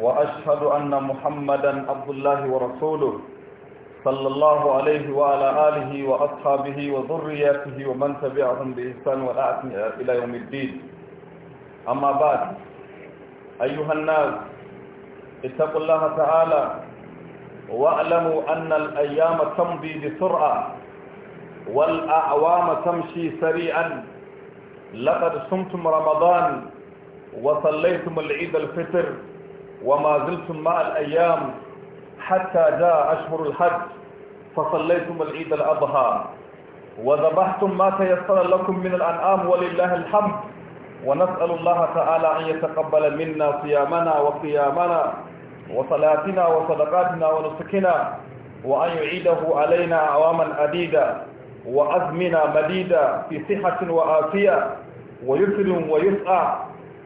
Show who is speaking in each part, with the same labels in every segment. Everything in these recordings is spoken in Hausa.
Speaker 1: وأشهد أن محمدا عبد الله ورسوله صلى الله عليه وعلى آله وأصحابه وذرياته ومن تبعهم بإحسان إلى يوم الدين أما بعد أيها الناس اتقوا الله تعالى واعلموا أن الأيام تمضي بسرعة والأعوام تمشي سريعا لقد صمتم رمضان وصليتم العيد الفطر وما زلتم مع الأيام حتى جاء أشهر الحج فصليتم العيد الأضحى وذبحتم ما تيسر لكم من الأنعام ولله الحمد ونسأل الله تعالى أن يتقبل منا صيامنا وقيامنا وصلاتنا وصدقاتنا ونسكنا وأن يعيده علينا أعواما عديدة وأزمنة مديدة في صحة وآفية ويسر ويسعى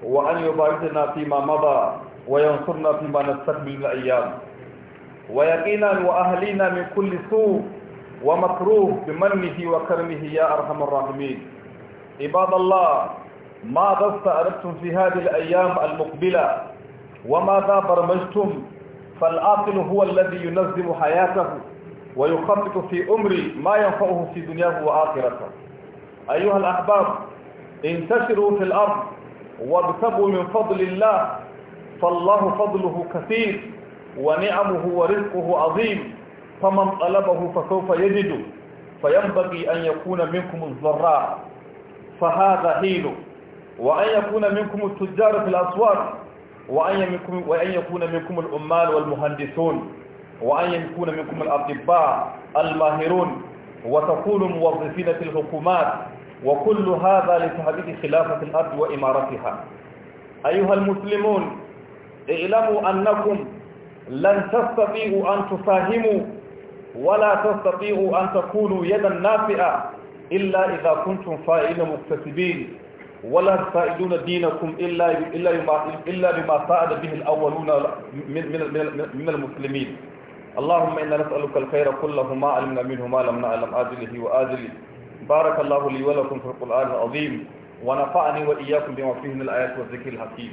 Speaker 1: وأن يباركنا فيما مضى وينصرنا فيما نستقبل الأيام ويقينا وأهلينا من كل سوء ومكروه بمنه وكرمه يا أرحم الراحمين عباد الله ماذا استعرضتم في هذه الأيام المقبلة وماذا برمجتم فالعاقل هو الذي ينظم حياته ويخطط في أمري ما ينفعه في دنياه وآخرته أيها الأحباب انتشروا في الأرض وابتغوا من فضل الله فالله فضله كثير ونعمه ورزقه عظيم فمن طلبه فسوف يجده فينبغي أن يكون منكم الزراع فهذا حيل وأن يكون منكم التجار في الأسواق وأن يكون منكم العمال والمهندسون وأن يكون منكم الأطباء الماهرون وتكونوا موظفين في الحكومات وكل هذا لتهديد خلافة الأرض وإمارتها أيها المسلمون اعلموا أنكم لن تستطيعوا أن تفاهموا ولا تستطيعوا أن تكونوا يدا نافئة إلا إذا كنتم فاعلين مكتسبين ولا تفائدون دينكم إلا إلا إلا بما فاد به الأولون من من من المسلمين اللهم إنا نسألك الخير كله ما علمنا منه ما لم نعلم آجله وآجله بارك الله لي ولكم في القرآن العظيم ونفعني وإياكم بما فيه من الآيات والذكر الحكيم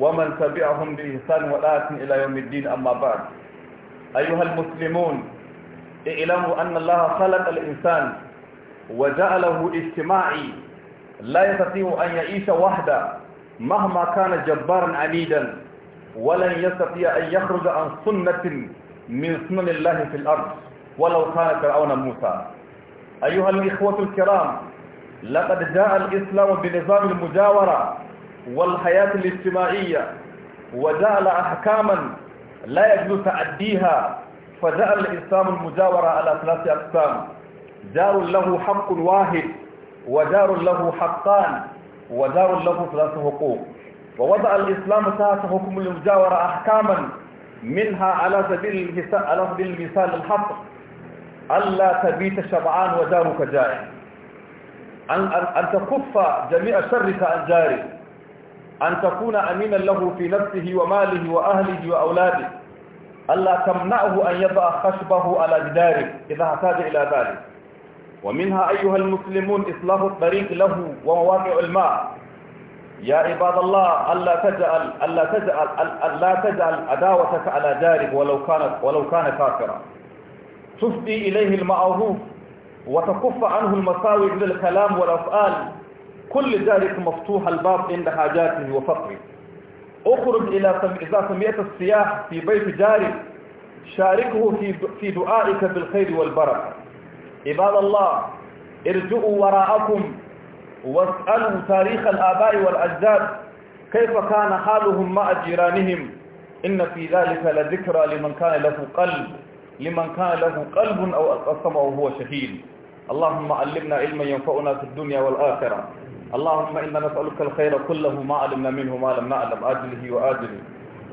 Speaker 1: ومن تبعهم بإحسان والآت إلى يوم الدين أما بعد أيها المسلمون اعلموا أن الله خلق الإنسان وجعله اجتماعي لا يستطيع أن يعيش وحده مهما كان جبارا عنيدا ولن يستطيع أن يخرج عن سنة من سنن الله في الأرض ولو كان فرعون موسى أيها الإخوة الكرام لقد جاء الإسلام بنظام المجاورة والحياة الاجتماعية وجعل أحكاما لا يجوز تعديها فجعل الإسلام المجاورة على ثلاث أقسام جار له حق واحد وجار له حقان وجار له ثلاث حقوق ووضع الإسلام ثلاث حكم المجاورة أحكاما منها على سبيل على سبيل المثال الحق ألا تبيت شبعان وجارك جائع أن, أن, أن تكف جميع شرك عن جارك أن تكون أمينا له في نفسه وماله وأهله وأولاده ألا تمنعه أن يضع خشبه على جداره إذا احتاج إلى ذلك ومنها أيها المسلمون إصلاح الطريق له ومواقع الماء يا عباد الله ألا تجعل ألا تجعل ألا تجعل عداوتك على جارك ولو كانت ولو كان كافرا تفدي إليه المعروف وتكف عنه المساوئ من الكلام والأفعال كل ذلك مفتوح الباب عند حاجاته وفقره اخرج إلى إذا سمعت السياح في بيت جارك شاركه في في دعائك بالخير والبركة عباد الله ارجعوا وراءكم واسألوا تاريخ الآباء والأجداد كيف كان حالهم مع جيرانهم إن في ذلك لذكرى لمن كان له قلب لمن كان له قلب أو السمع وهو شهيد اللهم علمنا علما ينفعنا في الدنيا والآخرة اللهم إنا نسألك الخير كله ما علمنا منه ما لم نعلم آجله وآجله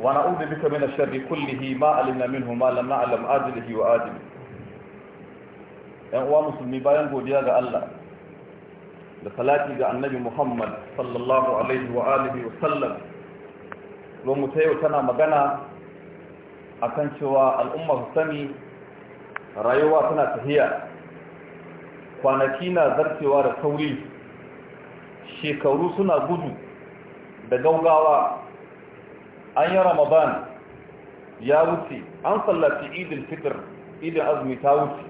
Speaker 1: ونعوذ بك من الشر كله ما علمنا منه ما لم نعلم آجله وآجله ‘yan uwa musulmi bayan godiya ga Allah da salati ga annabi Muhammad sallallahu Alaihi wa alihi wa sallam ta yau tana magana a kan cewa al'ummar sani rayuwa tana tafiya kwanaki na zarcewa da sauri shekaru suna gudu da gaugawa an yi ramadan ya wuce an sallaci idin fitar idin azumi ta wuce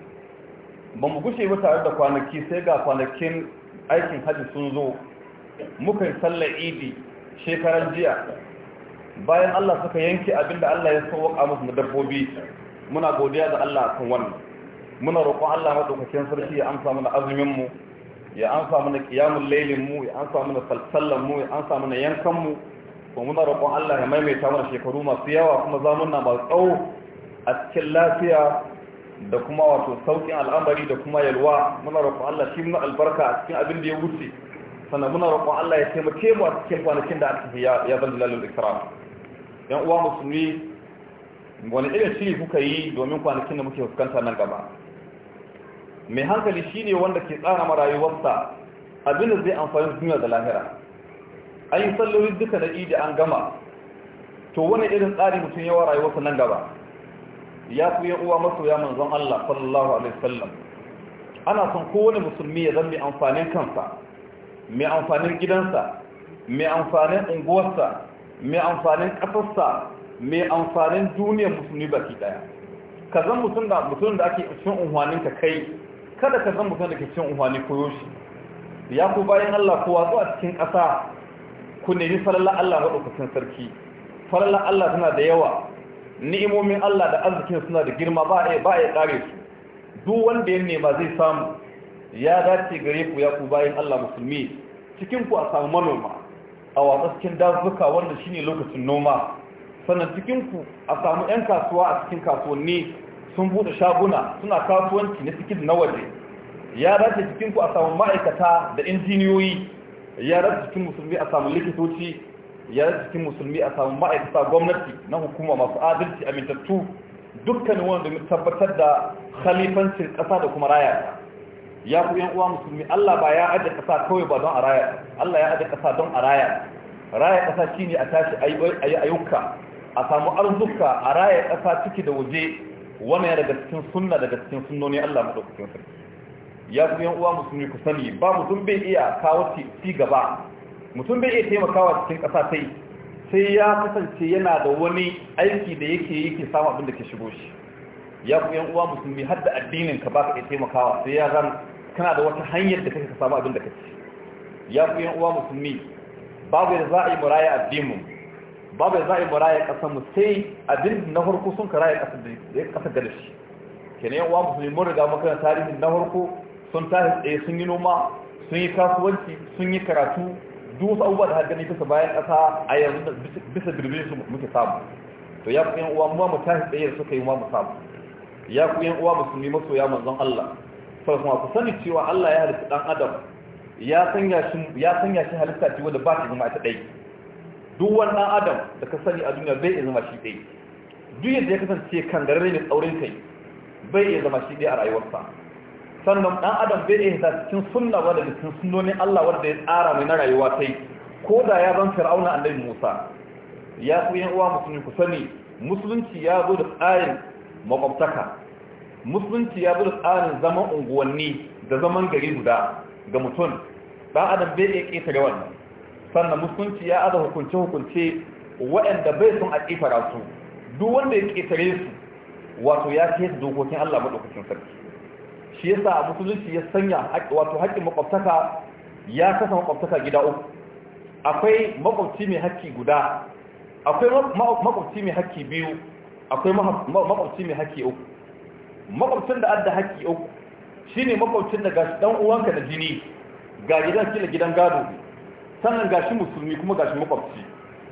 Speaker 1: ba mu gushe ba tare da kwanaki sai ga kwanakin aikin hajji sun zo muka yi sallar idi shekaran jiya bayan Allah suka yanke abinda Allah ya sauwaka musu na dabbobi muna godiya da Allah kan wannan muna roƙon Allah maɗaukacin sarki ya amsa mana azumin mu ya an samu na kiyamun lailin mu ya an samu na salsallan mu ya an samu na yankan mu ko muna roƙon Allah ya maimaita mana shekaru masu yawa kuma zamunna masu tsawo a cikin lafiya da kuma wato sauƙin al'amari da kuma yalwa muna roƙon Allah shi muna albarka a cikin abin da ya wuce sannan muna roƙon Allah ya taimake mu a cikin kwanakin da aka ya ya zan dalalul ikram yan uwa musulmi wani irin shiri kuka yi domin kwanakin da muke fuskanta nan gaba mai hankali shine wanda ke tsara marayuwarsa abin da zai amfani duniya da lahira an yi salloli duka da idi an gama to wani irin tsari mutum yawa rayuwarsa nan gaba ya fi yan uwa masoya manzon Allah sallallahu alaihi wasallam ana son kowane musulmi ya zama amfanin kansa mai amfanin gidansa mai amfanin unguwarsa mai amfanin ƙasarsa mai amfanin duniyar musulmi baki daya ka zan mutum da mutum da ake cikin unhwanin ka kai kada ka zama mutum da ke cin umarni koyo shi ya ku bayan Allah ko watsu a cikin ƙasa ku nemi falalla Allah maɗaukacin sarki falalla Allah tana da yawa ni'imomin Allah da arzikin suna da girma ba a ba a su duk wanda ya nema zai samu ya dace gare ku ya ku bayan Allah musulmi cikin ku a samu manoma a watsa cikin dazuka wanda shine lokacin noma sannan cikin ku a samu 'yan kasuwa a cikin kasuwanni sun bude shaguna suna kasuwanci na cikin na waje ya dace cikin ku a samu ma'aikata da injiniyoyi ya dace cikin musulmi a samu likitoci ya dace cikin musulmi a samu ma'aikata gwamnati na hukuma masu adalci amintattu dukkan wanda domin tabbatar da khalifancin ƙasa da kuma raya ya ku yan uwa musulmi Allah ba ya aje ƙasa kawai ba don a raya Allah ya aje ƙasa don a raya raya ƙasa shine a tashi ayyuka a samu arzuka a raya ƙasa ciki da waje wannan yana daga cikin sunna daga cikin sunnoni Allah madaukakin sarki ya ku yan uwa musulmi ku sani ba mutum bai iya kawo ci gaba mutum bai iya taimakawa cikin ƙasa sai sai ya kasance yana da wani aiki da yake yake samu abin da ke shigo shi ya ku yan uwa musulmi har da addinin ka baka iya taimakawa sai ya zan kana da wata hanyar da kake ka samu abin da kake ya ku yan uwa musulmi babu yadda za a yi muraya addinin babu za a yi baraya ƙasa mu sai abin na harko sun karaya kasar da ya kasar da shi kenan yan uwa musulmi mun riga maka tarihin na harko sun tashi tsaye sun yi noma sun yi kasuwanci sun yi karatu duk wasu abubuwa da haggani bisa bayan ƙasa a yanzu bisa birbin su muke samu to ya ku yan uwa mu mu tashi tsaye da suka yi mu samu ya ku yan uwa musulmi masoya manzon Allah sai kuma ku sani cewa Allah ya halitta ɗan adam ya sanya shi ya sanya shi halitta ce wanda ba ta zama ta ɗai. duk ɗan adam da ka sani a duniya bai iya zama shi ɗaya duk yadda ya kasance kan gararre mai tsaurin kai bai iya zama shi ɗaya a rayuwarsa sannan ɗan adam bai iya hita cikin sunna ba da cikin sunnonin Allah wanda ya tsara mai na rayuwa ta ko da ya zan fir'auna annabi Musa ya ku yan uwa musulmi ku sani musulunci ya zo da tsarin makwabtaka musulunci ya zo da tsarin zaman unguwanni da zaman gari guda ga mutum ɗan adam bai iya ƙetare wannan sannan musulunci ya aza hukunce hukunce waɗanda bai sun a ƙifara su duk wanda ya ƙetare su wato ya ce dokokin Allah maɗaukacin sarki shi yasa musulunci ya sanya wato haƙƙin makwabtaka ya kasa makwabtaka gida uku akwai makwabci mai haƙƙi guda akwai makwabci mai haƙƙi biyu akwai makwabci mai haƙƙi uku makwabcin da adda haƙƙi uku shine makwabcin da gashi dan uwanka da jini ga gidan kila gidan gado sannan gashi musulmi kuma gashi makwabci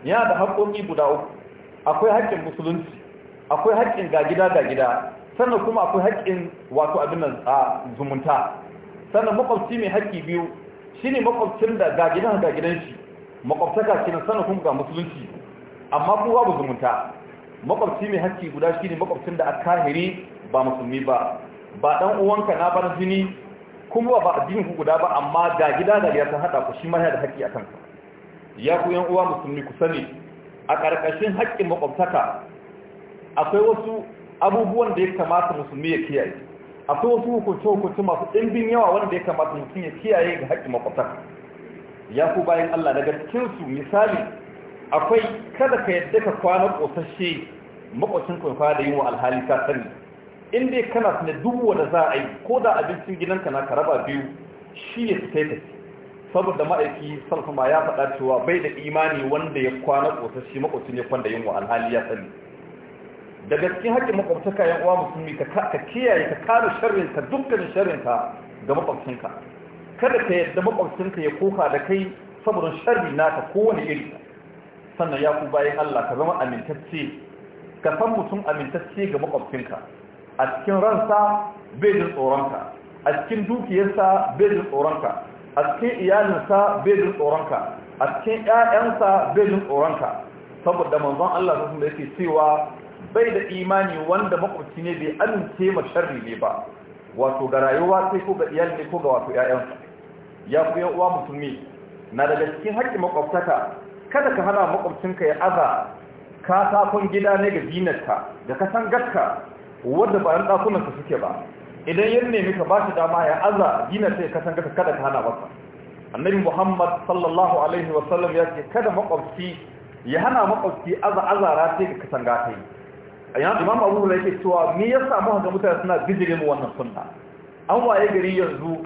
Speaker 1: yana da haƙoƙi guda uku akwai haƙƙin musulunci akwai haƙƙin ga gida ga gida sannan kuma akwai haƙƙin wato abin nan a zumunta sannan makwabci mai haƙƙi biyu shine makwabcin da ga gidan ga gidan shi makwabtaka kenan sannan kuma ga musulunci amma kowa ba zumunta makwabci mai haƙƙi guda shine makwabcin da a kahiri ba musulmi ba ba dan uwanka na bar jini kuma ba addinin ku guda ba amma ga gida da ya san hada ku shi ma yana da haƙƙi a kanka ya ku yan uwa musulmi ku sani a ƙarƙashin haƙƙin makwabtaka akwai wasu abubuwan da ya kamata musulmi ya kiyaye akwai wasu hukunce hukunce masu ɗimbin yawa wanda ya kamata mutum ya kiyaye ga haƙƙin makwabtaka ya ku bayan Allah daga cikin su misali akwai kada ka yadda ka kwana ƙosashe maƙocin kwanfa da yin wa alhali ka sani in dai kana tunan duk wanda za a yi ko da abincin gidanka na karaba biyu shi ya kai ta saboda ma'aiki salfama ya faɗa cewa bai da imani wanda ya kwana ƙosashi makwacin ya kwanda yunwa alhali ya sani da gaske haƙƙin makwabtaka yan uwa musulmi ka kiyaye ka kare sharrinka dukkanin sharrinka ga makwabcinka kada ka yadda makwabcinka ya koka da kai saboda sharri naka kowane iri sannan ya ku bayan Allah ka zama amintacce ka san mutum amintacce ga makwabcinka a cikin ransa bai jin tsoronka a cikin dukiyarsa bai jin tsoronka a cikin iyalinsa bai jin tsoronka a cikin ƴaƴansa bai jin tsoronka saboda manzon Allah sun da yake cewa bai da imani wanda makwabci ne bai amince ma sharri ne ba wato ga rayuwa sai ko ga iyali ne ko ga wato ƴaƴansa ya ku yan uwa musulmi na daga cikin haƙƙin makwabtaka kada ka hana makwabcinka ya aza Ka katakon gida ne ga dinarka da ka san katangarka wanda ba yan ka suke ba idan yan nemi ka ba shi dama ya aza gina sai ka san kada ka hana masa annabi muhammad sallallahu alaihi wa sallam ya ce kada makwabci ya hana makwabci aza azara sai ka san gata yi a yana imam abu da yake cewa me ya samu haka mutane suna bijire mu wannan sunna an waye gari yanzu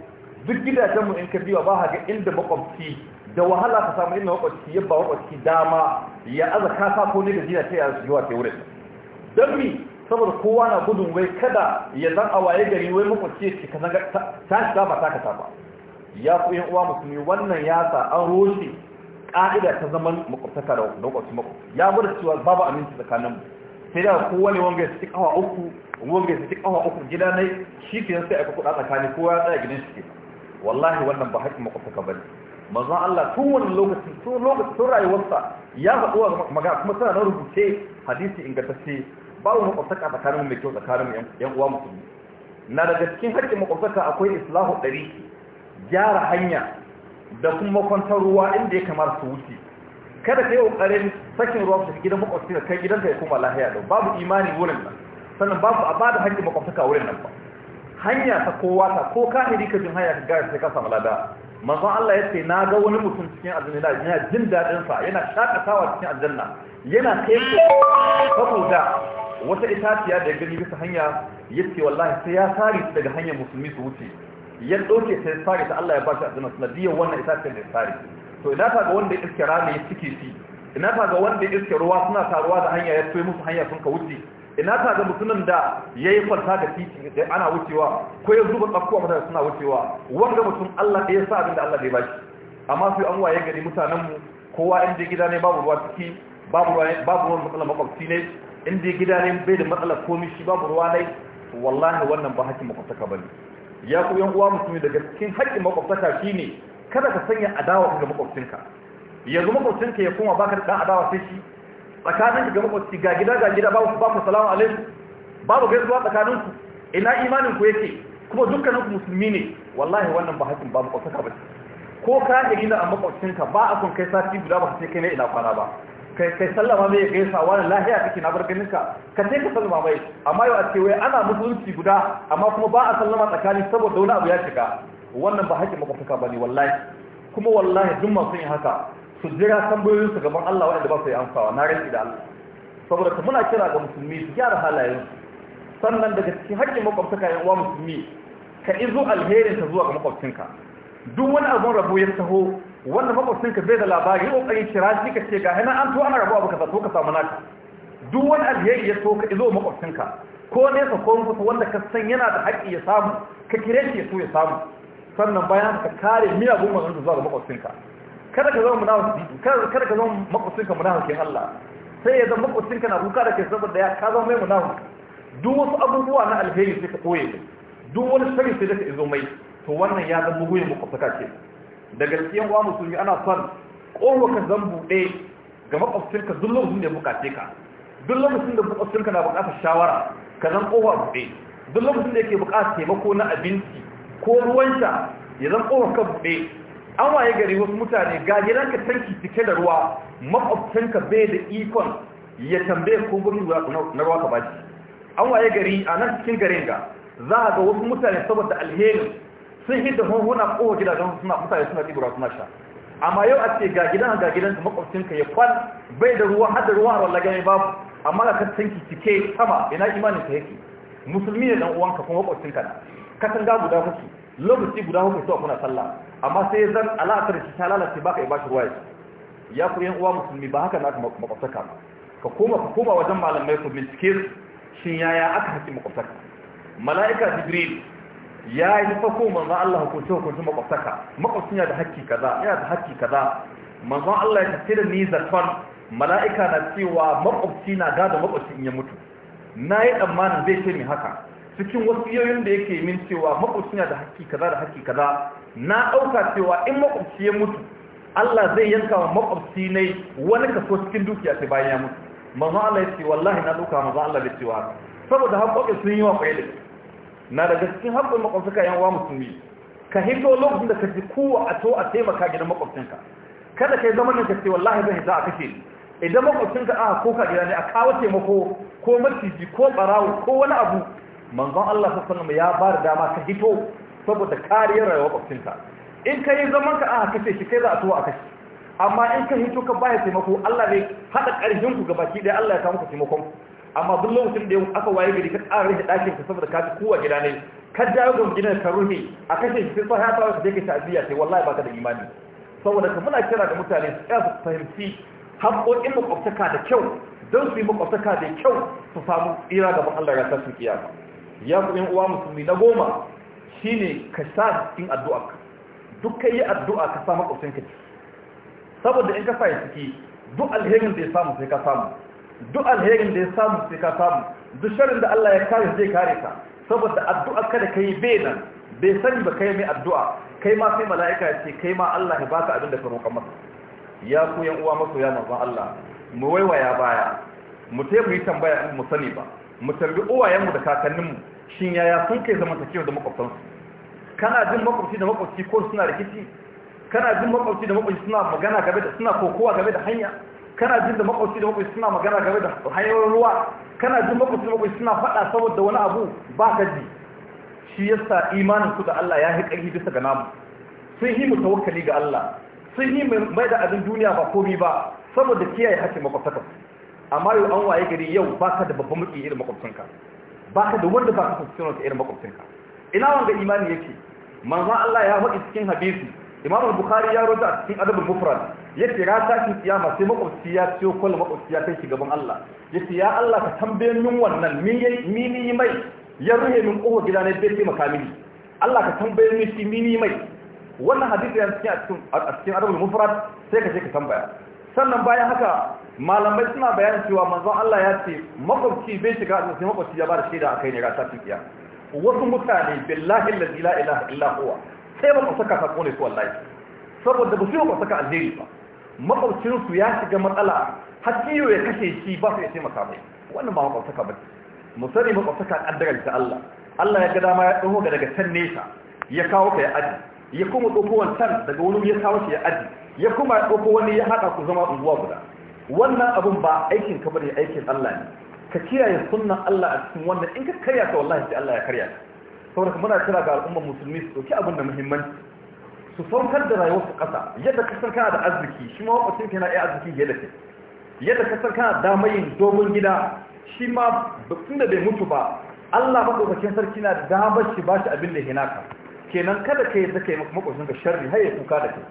Speaker 1: duk gidajen mu in ka biya ba ga inda makwabci da wahala ka samu inda makwabci ya ba makwabci dama ya aza Ka ko ne da gida ta yi zuwa ta wurin don mi saboda kowa na gudun wai kada ya zan a waye gari wai makwacce ce ka zanga ta shi ba ta kata ba ya ku yin uwa musulmi wannan ya sa an roshe ƙa'ida ta zaman makwabtaka da makwabci makwabci ya gudu cewa babu aminci tsakanin mu sai da kowa ne wanga ya saki kawa uku wanga ya ci kawa uku gida na shi ke sai aka kuɗa tsakani kowa ya tsaya gidan shi ke wallahi wannan ba haƙƙin makwabtaka ba ne manzon Allah tun wani lokacin tun lokacin tun rayuwarsa ya faɗuwa magana kuma tana na rubuce hadisi ingantacce babu makwabtaka tsakanin mai kyau tsakanin yan uwa musulmi na daga cikin haƙƙin makwabtaka akwai islahu ɗari gyara hanya da kuma kwantar ruwa inda ya kamar su wuce kada ka yi ƙoƙarin sakin ruwa su gidan makwabci da kai gidanka ya koma lahiya da babu imani wurin nan sannan babu a bada haƙƙin makwabtaka wurin nan ba hanya ta kowa ta ko ka hiri ka jin hanya ka gaya sai ka samu lada manzon Allah ya ce na ga wani mutum cikin aljanna yana jin sa yana shakatawa cikin aljanna yana kai saboda wata itaciya da gani bisa hanya yace wallahi sai ya sare daga hanyar musulmi su wuce ya doke sai sare ta Allah ya ba shi azuma sanadiyar wannan itaciyar da sare to ina ta ga wanda ya iske rami ya shi ina ta ga wanda ya iske ruwa suna taruwa da hanya ya toye musu hanya sun ka wuce ina ta ga musulmin da ya yi kwanta da titi da ana wucewa ko ya zuba tsakkuwa mutane suna wucewa wanda mutum Allah ya sa abin da Allah bai ba shi amma sai an waye gari mutanenmu kowa inda gida ne babu ruwa ciki babu ruwa babu ruwan matsalar makwabci ne inda dai gida ne bai da matsalar komai shi babu ruwa nai wallahi wannan ba hakkin makwabtaka bane ya ku yan uwa musulmi daga cikin hakkin makwabtaka shine kada ka sanya adawa ga makwabcinka yanzu makwabcinka ya koma baka da dan adawa sai shi tsakanin ga makwabci ga gida ga gida babu babu salamu alaikum babu gaisuwa tsakanin ku ina imanin ku yake kuma dukkanin ku musulmi ne wallahi wannan ba hakkin ba makwabtaka bane ko ka ga gida a makwabcinka ba a kun kai sati guda ba sai kai ne ina kwana ba kai sallama mai gaisa wani lahiya kake na barganinka ka ce ka sallama mai amma yau a ce wai ana musulunci guda amma kuma ba a sallama tsakani saboda wani abu ya shiga wannan ba hakkin makwabtaka ba ne wallahi kuma wallahi duk masu yin haka su jira tambayoyin su gaban Allah wanda ba su yi amsawa na rinki da Allah saboda ka muna kira ga musulmi su gyara halayen sannan daga cikin haƙƙin makwabtaka yan uwa musulmi ka izo alherin ta zuwa ga makwabcinka duk wani abun rabo ya taho wannan makwabcin ka bai da labari yi kokarin kira shi ka ce ga hana an to ana rabuwa baka zato ka samu naka duk wani alheri ya so ka izo makwabcin ka ko nesa ka ko kusa wanda ka san yana da haƙƙi ya samu ka kire shi so ya samu sannan bayan ka kare miyagun maganganun zuwa ga makwabcin ka kada ka zama munawar munafiki kada ka zama makwabcin ka ke Allah sai ya zama makwabcin na kuka da kai saboda ya ka zama mai munafiki duk wasu abubuwa na alheri sai ka koye duk wani sharri sai da ka izo mai to wannan ya zama mugun makwabtaka ce da gaskiyan wa musulmi ana son ƙoro ka zan buɗe ga makwabcinka duk lokacin da ya buƙace ka duk lokacin da makwabcinka na buƙatar shawara ka zan ƙoro a buɗe duk lokacin da yake buƙatar taimako na abinci ko ruwan ya zan ƙoro ka buɗe an waye gari wasu mutane ga gidanka tanki cike da ruwa makwabcinka bai da ikon ya tambaye ko gurin na ruwa ka shi. an waye gari a nan cikin garin ga za a ga wasu mutane saboda alherin sun hidda hunhuna kowa gidajen suna mutane suna tsibira suna sha amma yau a ce ga gidan ga gidan ka makwabcinka ya kwan, bai da ruwa har ruwa har wallaga ya babu amma ka tanki cike sama ina imanin ka yake musulmi ne dan uwanka kuma makwabcinka na ka ga guda kuke lokaci guda kuke so kuna sallah amma sai zan alatar shi ta lalace baka ya bashi ruwa ya ya ku yan uwa musulmi ba haka na makwabtaka ba ka koma ka koma wajen malamai ku bincike shin yaya aka haƙi makwabtaka mala'ika jibril ya yi fako manzo Allah hukunci hukunci makwabtaka makwabcin yana da hakki kaza yana da hakki kaza manzo Allah ya tafi da ni zaton mala'ika na cewa makwabci na gada makwabci in ya mutu na yi tsammanin zai ce min haka cikin wasu yoyin da yake min cewa makwabci yana da hakki kaza da hakki kaza na ɗauka cewa in makwabci ya mutu Allah zai yanka wa makwabci ne wani kaso cikin dukiya sai bayan ya mutu manzo Allah ya ce wallahi na ɗauka manzo Allah bai cewa saboda haƙoƙi sun yi wa kwaye na daga cikin haƙƙin makwabtaka yan uwa musulmi ka hito lokacin da ka ji kowa a to a taimaka gidan makwabcinka kada ka yi zama nan ka ce wallahi zai hita a kashe idan makwabcinka aka koka gida ne a kawo taimako ko maciji ko barawo ko wani abu manzon Allah sallallahu ya ba da dama ka hito saboda kariyar rayuwar makwabcinka in yi zaman ka aka kashe shi kai za a to a kashe amma in ka hito ka ba taimako Allah ne hada karfin ku gabaki ɗaya Allah ya samu ku taimakon ku amma duk lokacin da aka waye gari ka ƙara rage ɗakin ka saboda ka ci kowa gida ne ka dawo ga gidan ka rufe a kashe shi sai ya tawo da ke ta'aziyya sai wallahi baka da imani saboda ka muna kira da mutane su tsaya su fahimci haƙoƙin makwabtaka da kyau don su yi makwabtaka da kyau su samu tsira gaban Allah ya su kiyama ya ku yan uwa musulmi na goma shine ka sa cikin addu'a duk kai yi addu'a ka sa makwabtanka saboda in ka fahimci ciki duk alherin da ya samu sai ka samu duk alherin da ya samu sai ka samu duk sharin da Allah ya kare zai kare ka saboda addu'a kada kai bai bai sani ba kai mai addu'a kai ma sai mala'ika ya ce kai ma Allah ya baka abin da ka roƙa masa ya ku yan uwa maso ya manzon Allah mu waiwaya baya mu te mu yi tambaya in mu sani ba mu tambi uwayenmu da kakanninmu shin yaya sun kai zamantakewa da makwabtansu kana jin makwabci da makwabci ko suna rikici kana jin makwabci da makwabci suna magana game da suna kokowa game da hanya kana jin da makwabci da makwabci suna magana game da hanyar ruwa kana jin makwabci da makwabci suna faɗa saboda wani abu ba ka ji shi yasa imanin ku da Allah ya haƙa bisa ga namu sun yi mu tawakkali ga Allah sun yi mai da abin duniya ba komi ba saboda kiyaye hakkin makwabtaka amma yau an waye gari yau ba ka da babban mutum irin Ba ka da wanda ba ka son irin makwabcinka ina wanga imani yake manzo Allah ya faɗi cikin hadisi imam bukhari ya roza a cikin adabul mufrad yace ra cikin kiyama sai makwabci ya ciyo kwal makwabci ya kai shi gaban Allah yace ya Allah ka tambaye min wannan mi ni mai ya ruhe min kofa gida ne bai taimaka mini Allah ka tambaye min shi mi ni mai wannan hadisi yana cikin a cikin adabul mufrad sai ka je ka tambaya sannan bayan haka malamai suna bayanin cewa manzon Allah ya ce makwabci bai shiga sai makwabci ya ba da shaida akai ne ra cikin kiyama wasu mutane billahi la ilaha illa huwa sai makwasaka ta kone su wallahi saboda ba su yi makwasaka aljeri ba makwabcinsu ya shiga matsala har yau ya kashe shi ba su ya taimaka mai wannan ba makwasaka ba mu sani makwasaka kaddarar ta Allah Allah ya ga dama ya tsoho ga daga can nesa ya kawo ka ya aji ya kuma wani wancan daga wani ya kawo shi ya aji ya kuma ɗauko wani ya haɗa ku zama unguwa guda wannan abun ba aikin ka bari aikin Allah ne ka kiyaye sunnan Allah a cikin wannan in ka karya ka wallahi sai Allah ya karya ka saboda muna kira ga al'ummar musulmi su ɗauki abin da muhimmanci su saukar da rayuwar su ƙasa yadda kasar kana da arziki shi ma wakwacin kana iya arziki yadda ke yadda kasar kana damar yin dogon gida shi ma tun da bai mutu ba Allah maɗaukakin sarki na damar shi ba shi abin da ya naka kenan kada ka yi zaka yi makwacin ka sharri har ya kuka da ke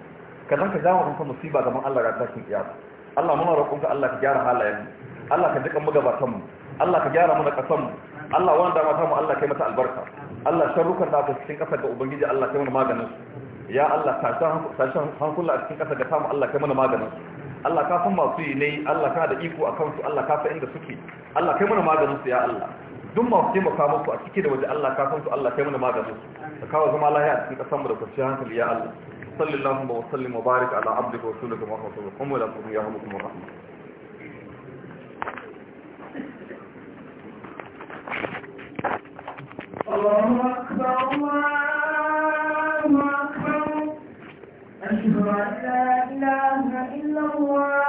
Speaker 1: ka zan ka jawo kanka musiba gaban Allah ga tashin kiyama Allah muna ka Allah ka gyara halayen Allah ka duka mu gabatan mu Allah ka gyara mu da kasan mu Allah wanda mata mu Allah kai mata albarka Allah sharrukan da aka cikin ƙasa ga ubangiji Allah kai mana maganin su ya Allah tashin hankula a cikin ƙasa ga samu Allah kai mana maganin su Allah ka san masu yi ne Allah ka da iko a kansu Allah ka san inda suke Allah kai mana maganin su ya Allah duk masu taimaka musu a ciki da waje Allah ka san su Allah kai mana maganin su ka kawo zama lafiya a cikin ƙasar mu da kwanciyar hankali ya Allah sallallahu alaihi wa sallam wa barik ala abdika wa rasulika muhammadin wa ala alihi wa sahbihi wa rahmatullahi أشهد أن لا إله إلا الله